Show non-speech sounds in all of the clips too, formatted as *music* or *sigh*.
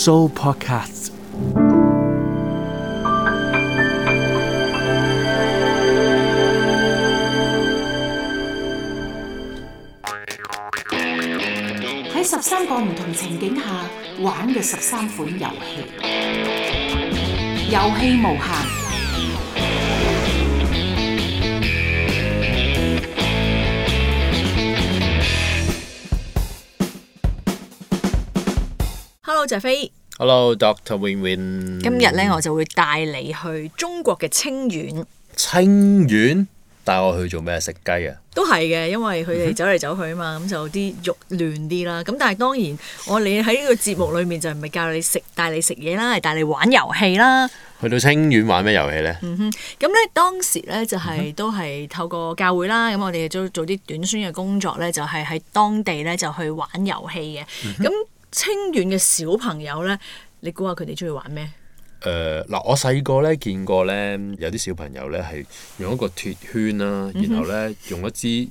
Soul podcast 喺十三個唔同情景下玩嘅十三款遊戲，遊戲無限。 *music* Hello，鄭飛。Hello，Dr. Win Win。Win. 今日咧，我就會帶你去中國嘅清遠。清遠，帶我去做咩？食雞啊？都係嘅，因為佢哋走嚟走去啊嘛，咁、mm hmm. 就啲肉嫩啲啦。咁但係當然，我哋喺呢個節目裏面就唔係教你食，帶你食嘢啦，係帶你玩遊戲啦。去到清遠玩咩遊戲咧？嗯哼，咁咧當時咧就係、是、都係透過教會啦，咁、mm hmm. 我哋都做啲短宣嘅工作咧，就係、是、喺當地咧就去玩遊戲嘅。咁、mm hmm. 清遠嘅小、呃、小、小朋友呢，你估下佢哋中意玩咩？誒嗱，我細個呢見過呢，有啲小朋友呢，係用一個鐵圈啦，然後呢，用一支。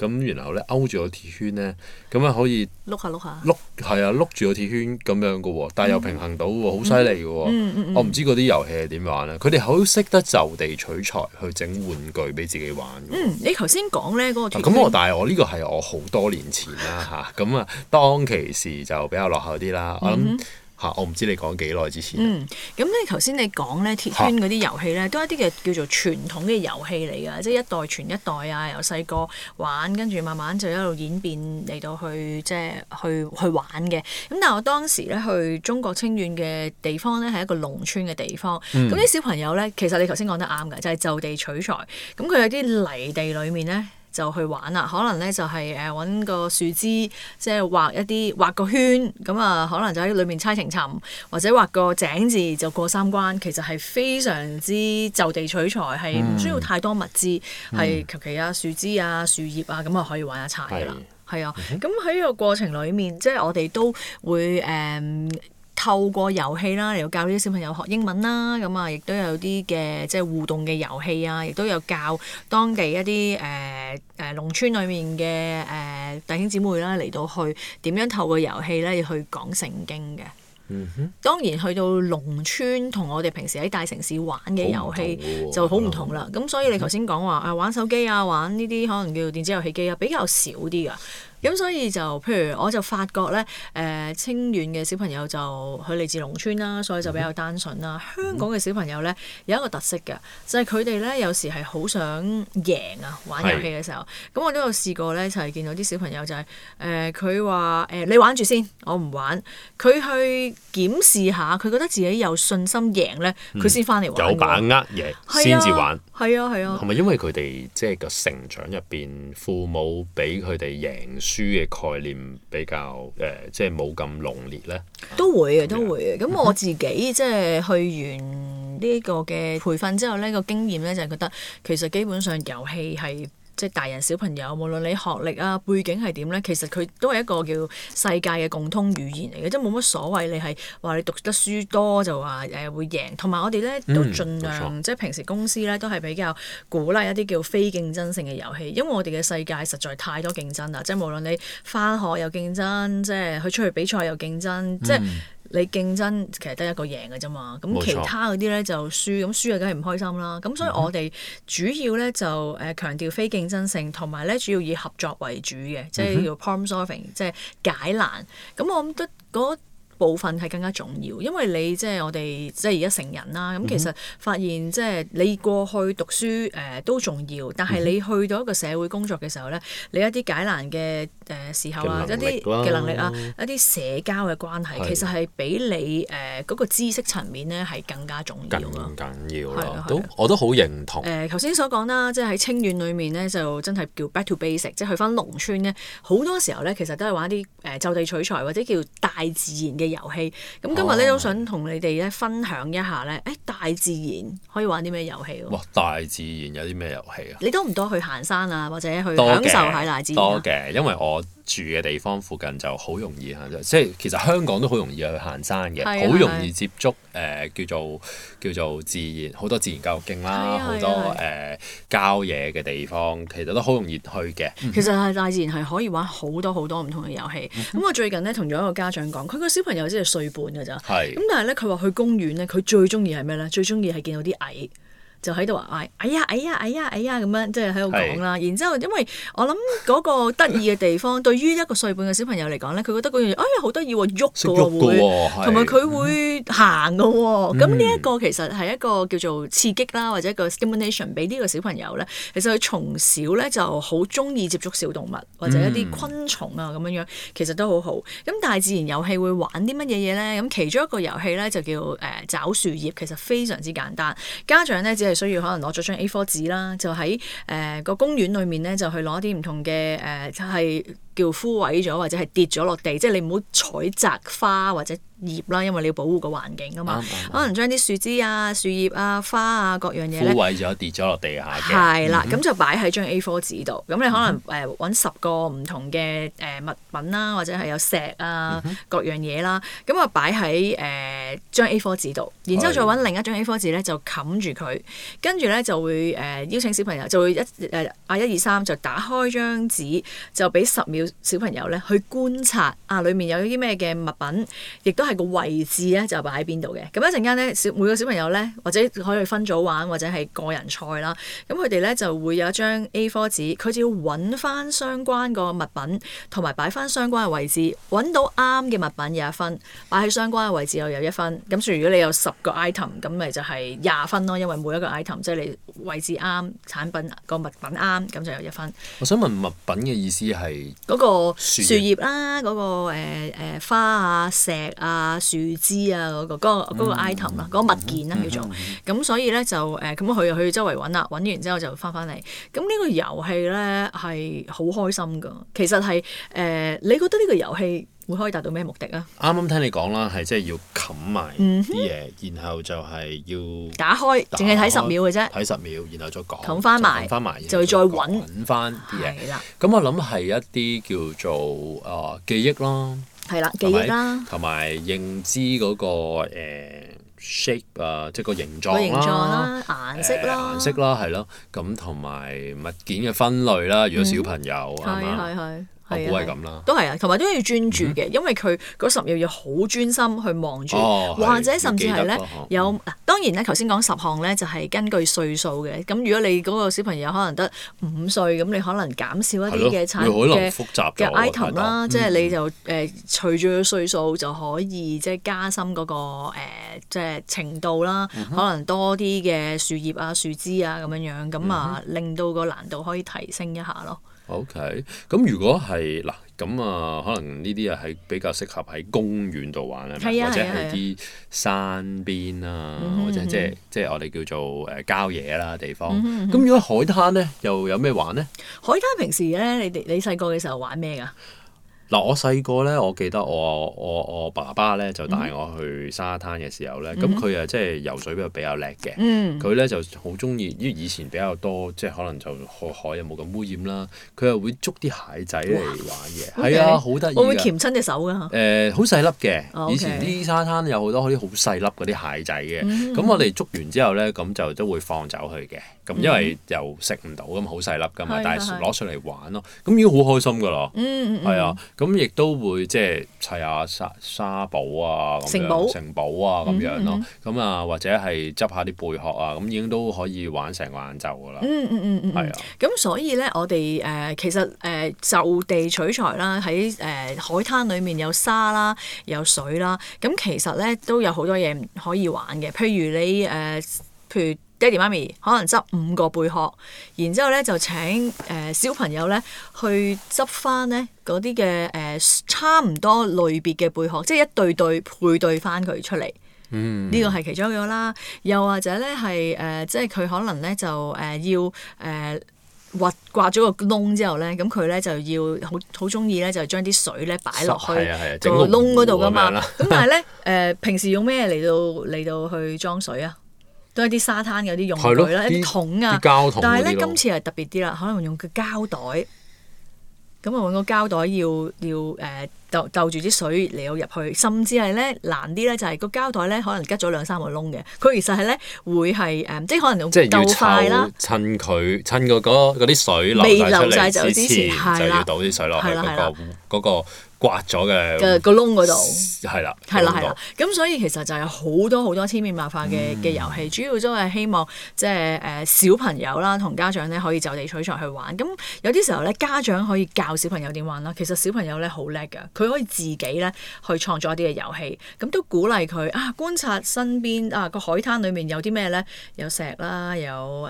咁、嗯嗯嗯、然後咧，勾住個鐵圈咧，咁啊可以碌下碌下。碌係啊，碌住個鐵圈咁樣嘅喎、哦，但係又平衡到喎、哦，好犀利嘅喎。哦嗯嗯、我唔知嗰啲遊戲係點玩咧，佢哋好識得就地取材去整玩具俾自己玩。嗯，你頭先講咧嗰個。咁我但係我呢個係我好多年前啦嚇，咁啊當其時就比較落後啲啦。我諗、嗯。嚇、啊！我唔知你講幾耐之前。嗯，咁咧頭先你講咧鐵圈嗰啲遊戲咧，都係一啲嘅叫做傳統嘅遊戲嚟㗎，即係一代傳一代啊，由細個玩，跟住慢慢就一路演變嚟到去即係去去玩嘅。咁但係我當時咧去中國清遠嘅地方咧，係一個農村嘅地方。咁啲、嗯、小朋友咧，其實你頭先講得啱㗎，就係、是、就地取材。咁佢喺啲泥地裏面咧，就去玩啦，可能咧就係誒搵個樹枝，即係畫一啲畫個圈，咁啊可能就喺裏面猜情尋，或者畫個井字就過三關。其實係非常之就地取材，係唔、嗯、需要太多物資，係求其啊樹枝啊樹葉啊咁啊可以玩一齊㗎喇。係是啊，咁喺、嗯、哼個過程裏面，即係我哋都會誒。嗯透過遊戲啦，嚟到教啲小朋友學英文啦，咁啊，亦都有啲嘅即係互動嘅遊戲啊，亦都有教當地一啲誒誒農村裏面嘅誒弟兄姊妹啦，嚟到去點樣透過遊戲咧去講聖經嘅。嗯哼。當然去到農村同我哋平時喺大城市玩嘅遊戲就好唔同啦。咁，嗯哼，所以你頭先講話啊玩手機啊玩呢啲可能叫電子遊戲機啊比較少啲㗎。咁所以就譬如我就發覺咧，誒、呃、清遠嘅小朋友就佢嚟自農村啦，所以就比較單純啦。香港嘅小朋友咧有一個特色嘅，就係佢哋咧有時係好想贏啊，玩遊戲嘅時候。咁、啊、我都有試過咧，就係、是、見到啲小朋友就係誒佢話誒你玩住先，我唔玩。佢去檢視下，佢覺得自己有信心贏咧，佢先翻嚟玩。有把握贏先至玩。係啊係啊。係咪因為佢哋即係個成長入邊，父母俾佢哋贏？書嘅概念比較誒、呃，即係冇咁濃烈咧。都會嘅，樣都會嘅。咁我自己即係去完呢個嘅培訓之後呢、這個經驗咧就係、是、覺得其實基本上遊戲係。即係大人小朋友，無論你學歷啊，背景係點咧，其實佢都係一個叫世界嘅共通語言嚟嘅，即係冇乜所謂。你係話你讀得書多就話誒會贏，同埋我哋咧都盡量、嗯、即係平時公司咧都係比較鼓勵一啲叫非競爭性嘅遊戲，因為我哋嘅世界實在太多競爭啦。即係無論你返學又競爭，即係去出去比賽又競爭，嗯、即係。你競爭其實得一個贏嘅啫嘛，咁其他嗰啲咧就輸，咁輸啊梗係唔開心啦。咁所以我哋主要咧就誒強調非競爭性，同埋咧主要以合作為主嘅，即係叫 problem solving， *laughs* 即係解難。咁我諗得嗰、那個部分係更加重要，因為你即係我哋即係而家成人啦。咁、嗯、哼其實發現即係你過去讀書誒、呃、都重要，但係你去到一個社會工作嘅時候咧，嗯、哼你一啲解難嘅誒時候啊，一啲嘅能力啊，一啲社交嘅關係是其實係比你誒嗰、呃那個知識層面咧係更加重要啊！緊要啦，的都的我都好認同誒頭先所講啦，即係喺清遠裏面咧，就真係叫 back to basic，即係去翻農村咧，好多時候咧，其實都係玩一啲誒就地取材或者叫大自然嘅。遊戲。咁今日咧都想同你哋咧分享一下咧，誒大自然可以玩啲咩遊戲喎？哇！大自然有啲咩遊戲啊？你都唔多去行山啊？或者去的享受下大自然啊？多嘅，因為我。住嘅地方附近就好容易行，即係其實香港都好容易去行山嘅，好的容易接觸誒、呃、叫做叫做自然，好多自然教育徑啦，好的多誒郊的、呃、野嘅地方，其實都好容易去嘅。嗯、哼其實係大自然係可以玩好多好多唔同嘅遊戲。咁我最近咧同咗一個家長講，佢個小朋友先係歲半㗎咋，咁的但係咧佢話去公園咧，佢最中意係咩咧？最中意係見到啲蟻。就喺度話哎呀哎呀哎呀哎呀咁、哎、樣，即係喺度講啦。然之後，因為我諗嗰個得意嘅地方， *laughs* 對於一個歲半嘅小朋友嚟講咧，佢覺得嗰樣嘢哎呀好得意喎，喐嘅喎，同埋佢會行嘅喎。咁呢一個其實係一個叫做刺激啦，或者一個 stimulation 俾呢個小朋友咧。其實佢從小咧就好中意接觸小動物、嗯、或者一啲昆蟲啊咁樣樣，其實都好好。咁大自然遊戲會玩啲乜嘢嘢咧？咁其中一個遊戲咧就叫誒、呃、找樹葉，其實非常之簡單。家長咧只係係需要可能攞咗張 A4 紙啦，就喺誒、呃個公園裏面咧，就去攞啲唔同嘅、呃、就係、是、叫枯萎咗或者係跌咗落地，即係你唔好採摘花或者。葉啦，因為你要保護個環境㗎嘛，啊啊、可能將啲樹枝啊、樹葉啊、花啊各樣嘢咧，腐壞咗、跌咗落地下嘅。係啦了，咁、嗯、哼就擺喺張 A4 紙度。咁你可能誒揾十個唔同嘅誒物品啦，或者係有石啊各樣嘢啦，咁啊擺喺誒張 A4 紙度，然之後再揾另一張 A4 紙咧就冚住佢，跟住咧就會誒、呃、邀請小朋友就會一誒啊一二三就打開張紙，就俾十秒小朋友咧去觀察啊裡面有啲咩嘅物品，亦都係個位置咧就擺喺邊度嘅，咁一陣間咧，小每個小朋友咧或者可以分組玩，或者係個人賽啦。咁佢哋咧就會有一張 A4 紙，佢就要揾翻相關個物品，同埋擺翻相關嘅位置。揾到啱嘅物品有一分，擺喺相關嘅位置又有一分。咁如果你有十個 item，咁咪就係廿分咯，因為每一個 item 即係你位置啱，產品個物品啱，咁就有一分。我想問物品嘅意思係嗰個樹葉啦，嗰樹葉、嗰個誒誒、呃、花啊、石啊。啊，樹枝啊，嗰個嗰個嗰個 item 啦，嗰個物件啦，叫做咁，所以咧就誒咁佢去周圍揾啦，揾完之後就翻翻嚟。咁呢個遊戲咧係好開心噶，其實係誒，你覺得呢個遊戲會可以達到咩目的啊？啱啱聽你講啦，係即係要冚埋啲嘢，然後就係要打開，淨係睇十秒嘅啫，睇十秒，然後再講，冚翻埋，翻埋，就再揾翻啲嘢。咁我諗係一啲叫做啊記憶咯。係啦，記憶啦，同埋認知嗰、那個誒、呃、shape 啊，即係個形狀，形狀啦，顏色啦，顏色啦，係咯，咁同埋物件嘅分類啦，如果小朋友係嘛。係都係咁啦。都係啊，同埋都要專注嘅，嗯、哼因為佢嗰十樣要好專心去望住，哦、或者甚至係咧有。嗯、當然咧，頭先講十項咧，就係根據歲數嘅。咁如果你嗰個小朋友可能得五歲，咁你可能減少一啲嘅嘅嘅 item 啦、嗯哼。即係你就誒、呃、隨著個歲數就可以即係加深嗰、嗰個即係、呃呃、程度啦。可能多啲嘅樹葉啊、樹枝啊咁樣樣，咁啊令到個難度可以提升一下咯。O K，咁如果係嗱，咁啊可能呢啲啊係比較適合喺公園度玩係咪？係啊，或者係啲山邊啊，嗯、哼哼或者即係即係我哋叫做誒、呃、郊野啦地方。咁、嗯、如果海灘咧，又有咩玩咧？海灘平時咧，你哋你細個嘅時候玩咩㗎？嗱，我細個咧，我記得我我我爸爸咧就帶我去沙灘嘅時候咧，咁佢啊即係游水比較叻嘅，佢咧就好中意，因為以前比較多，即係可能就海海又冇咁污染啦，佢又會捉啲蟹仔嚟玩嘅，係啊，好得意啊！我會鉗親隻手㗎嚇。誒，好細粒嘅，以前啲沙灘有好多啲好細粒嗰啲蟹仔嘅，咁我哋捉完之後咧，咁就都會放走佢嘅，咁因為又食唔到，咁好細粒㗎嘛，但係攞出嚟玩咯，咁已經好開心㗎啦，係啊！咁亦都會即係砌下沙沙堡啊，城堡城堡啊咁樣咯。咁啊、嗯嗯嗯，或者係執下啲貝殼啊，咁已經都可以玩成個晏晝噶啦。嗯嗯嗯嗯。係、嗯、啊。咁、嗯、所以咧，我哋誒其實誒、呃、就地取材啦，喺誒、呃、海灘裏面有沙啦，有水啦。咁、呃、其實咧都有好多嘢可以玩嘅，譬如你誒、呃，譬如。爹哋媽咪可能執五個貝殼，然之後咧就請誒、呃、小朋友咧去執翻咧嗰啲嘅誒差唔多類別嘅貝殼，即係一對對配對翻佢出嚟。嗯，呢個係其中一個啦。又或者咧係誒，即係佢可能咧就誒要誒挖掛咗個窿之後咧，咁佢咧就要好好中意咧，就將啲水咧擺落去個窿嗰度㗎嘛。咁 *laughs* 但係咧誒，平時用咩嚟到嚟到去裝水啊？都係啲沙灘嗰啲用具啦，啲桶啊，膠桶。但係咧今次係特別啲啦，可能用個膠袋，咁啊換個膠袋要要誒兜兜住啲水嚟到入去，甚至係咧難啲咧就係個膠袋咧可能拮咗兩三個窿嘅，佢其實係咧會係誒、呃，即係可能用鬥快即係要抽，趁佢趁、嗰個嗰啲水流曬出嚟之前，就要倒啲水落去嗰刮咗嘅、嗯、個窿嗰度，係啦，係啦，係啦。咁所以其實就係好多好多千變萬化嘅嘅遊戲，主要都係希望即係誒小朋友啦，同家長咧可以就地取材去玩。咁有啲時候咧，家長可以教小朋友點玩啦。其實小朋友咧好叻㗎，佢可以自己咧去創作一啲嘅遊戲。咁都鼓勵佢啊，觀察身邊啊個海灘裡面有啲咩咧？有石啦，有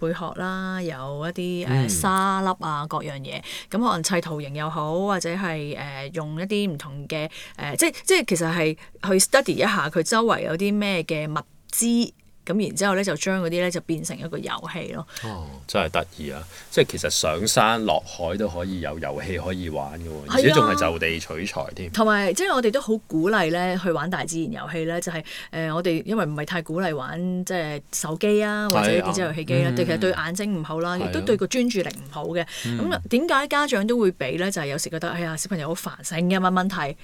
誒貝殼啦，有一啲誒、呃、沙粒啊，各樣嘢。咁可能砌圖形又好，或者係誒。呃用一啲唔同嘅誒、呃，即即係其實係去 study 一下佢周圍有啲咩嘅物資。咁然之後咧，就將嗰啲咧就變成一個遊戲咯。哦，真係得意啊！即係其實上山落海都可以有遊戲可以玩嘅喎、哦，啊、而且仲係就地取材添。同埋即係我哋都好鼓勵咧去玩大自然遊戲咧，就係、是、誒、呃、我哋因為唔係太鼓勵玩即係手機啊或者電子遊戲機啦，對、啊嗯、其實對眼睛唔好啦，亦、嗯、都對個專注力唔好嘅。咁點解家長都會俾咧？就係、是、有時覺得哎呀小朋友好煩性啊乜問題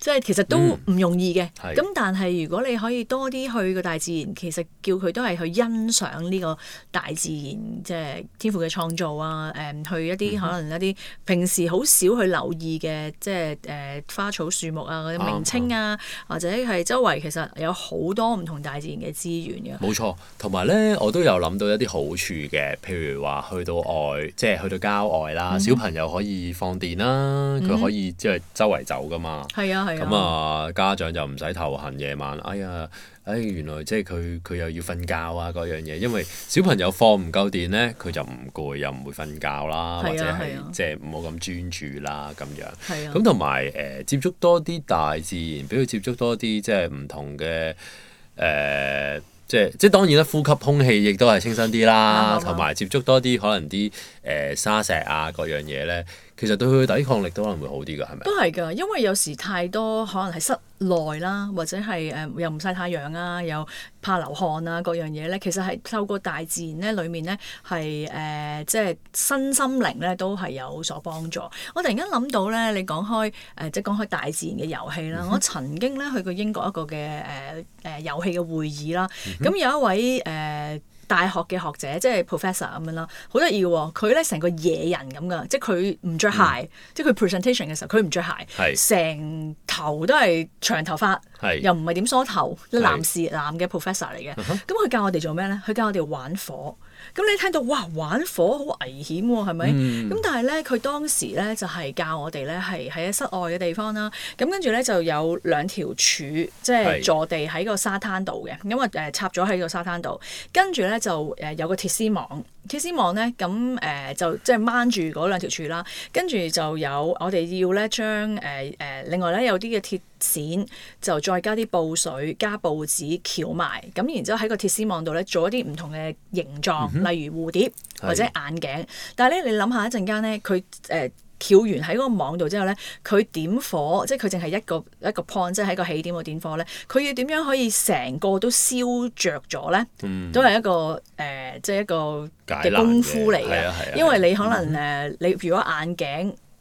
即係其實都唔容易嘅。咁、嗯、但係如果你可以多啲去個大自然，其實叫佢都係去欣賞呢個大自然即係、就是、天賦嘅創造啊！誒，去一啲可能一啲平時好少去留意嘅即係誒、呃、花草樹木啊啲名稱啊，嗯嗯或者係周圍其實有好多唔同大自然嘅資源嘅。冇錯，同埋咧，我都有諗到一啲好處嘅，譬如話去到外，即係去到郊外啦，嗯嗯小朋友可以放電啦，佢、嗯嗯、可以即係周圍走噶嘛。係啊係啊。咁啊，家長就唔使頭痕夜晚，哎呀～誒、哎、原來即係佢佢又要瞓覺啊嗰樣嘢，因為小朋友放唔夠電咧，佢就唔攰又唔會瞓覺啦，啊、或者係、啊、即係唔好咁專注啦咁樣。咁同埋誒接觸多啲大自然，俾佢接觸多啲即係唔同嘅誒，即係、呃、即係當然啦，呼吸空氣亦都係清新啲啦，同埋、啊、接觸多啲可能啲誒、呃、沙石啊各樣嘢咧。其實對佢嘅抵抗力都可能會好啲㗎，係咪？都係㗎，因為有時太多可能係室內啦，或者係誒、呃、又唔曬太陽啊，又怕流汗啊，各樣嘢咧，其實係透過大自然咧，裡面咧係誒即係身心靈咧都係有所幫助。我突然間諗到咧，你講開誒、呃、即係講開大自然嘅遊戲啦，mm hmm. 我曾經咧去過英國一個嘅誒誒遊戲嘅會議啦，咁、mm hmm. 有一位誒。呃大學嘅學者即係 professor 咁樣啦，好得意嘅喎，佢咧成個野人咁噶，即係佢唔著鞋，嗯、即係佢 presentation 嘅時候佢唔著鞋，成是頭都係長頭髮。又唔係點梳頭，男士男嘅 professor 嚟嘅，咁佢、uh huh. 教我哋做咩咧？佢教我哋玩火。咁你聽到哇，玩火好危險喎、哦，係咪？咁、mm. 但係咧，佢當時咧就係、是、教我哋咧係喺室外嘅地方啦、啊。咁跟住咧就有兩條柱，即、就、係、是、坐地喺個沙灘度嘅，因為誒插咗喺個沙灘度。跟住咧就誒有個鐵絲網。鐵絲網咧，咁、呃、誒就即係掹住嗰兩條柱啦，跟住就有我哋要咧將誒誒另外咧有啲嘅鐵線就再加啲布水加報紙矯埋，咁然之後喺個鐵絲網度咧做一啲唔同嘅形狀，嗯、哼例如蝴蝶或者眼鏡。的但係咧，你諗下一陣間咧，佢誒。呃跳完喺嗰個網度之後咧，佢點火，即係佢淨係一個一個 point，即係喺個起點度點火咧，佢要點樣可以成個都燒着咗咧？嗯、都係一個誒、呃，即係一個嘅功夫嚟嘅。啊啊啊、因為你可能誒，嗯、你如果眼鏡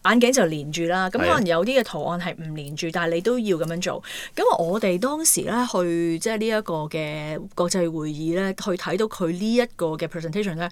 眼鏡就連住啦，咁可能有啲嘅圖案係唔連住，啊、但係你都要咁樣做。咁我哋當時咧去即係呢一個嘅國際會議咧，去睇到佢呢一個嘅 presentation 咧，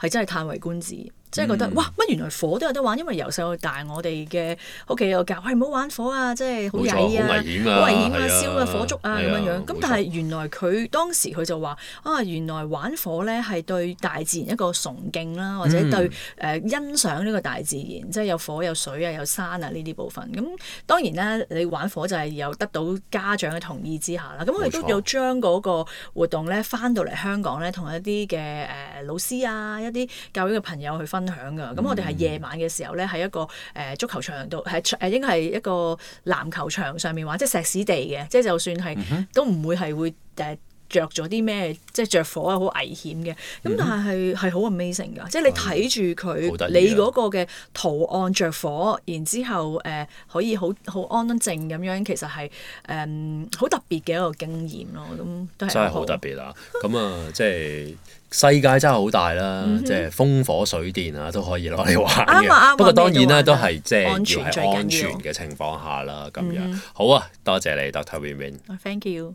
係真係歎為觀止。即係覺得哇！乜原來火都有得玩，因為由細到大我哋嘅屋企有教，喂唔好玩火啊！即係、啊啊、好危險啊，好危險啊，燒啊火燭啊咁、啊、樣。咁錯但係原來佢當時佢就話啊，原來玩火咧係對大自然一個崇敬啦、啊，或者對誒、嗯呃、欣賞呢個大自然，即係有火有水啊，有山啊呢啲部分。咁、嗯、當然咧，你玩火就係有得到家長嘅同意之下啦。咁佢都有將嗰個活動咧翻到嚟香港咧，同一啲嘅誒老師啊，一啲教育嘅朋友去分分享㗎，咁、嗯、我哋喺夜晚嘅時候咧，喺一個誒、呃、足球場度，係誒、呃、應該係一個籃球場上面玩，即係石屎地嘅，即係就算係、嗯、哼都唔會係會誒。呃着咗啲咩？即係着火啊，好危險嘅。咁但係係好 amazing 噶，即係你睇住佢你嗰個嘅圖案着火，然之後誒可以好好安靜咁樣，其實係誒好特別嘅一個經驗咯。咁都係真係好特別啊！咁啊，即係世界真係好大啦，即係風火水電啊都可以攞嚟玩。啱啊，啱。不過當然啦，都係即係要係安全嘅情況下啦。咁樣好啊！多謝你，Doctor Vivian. Thank you.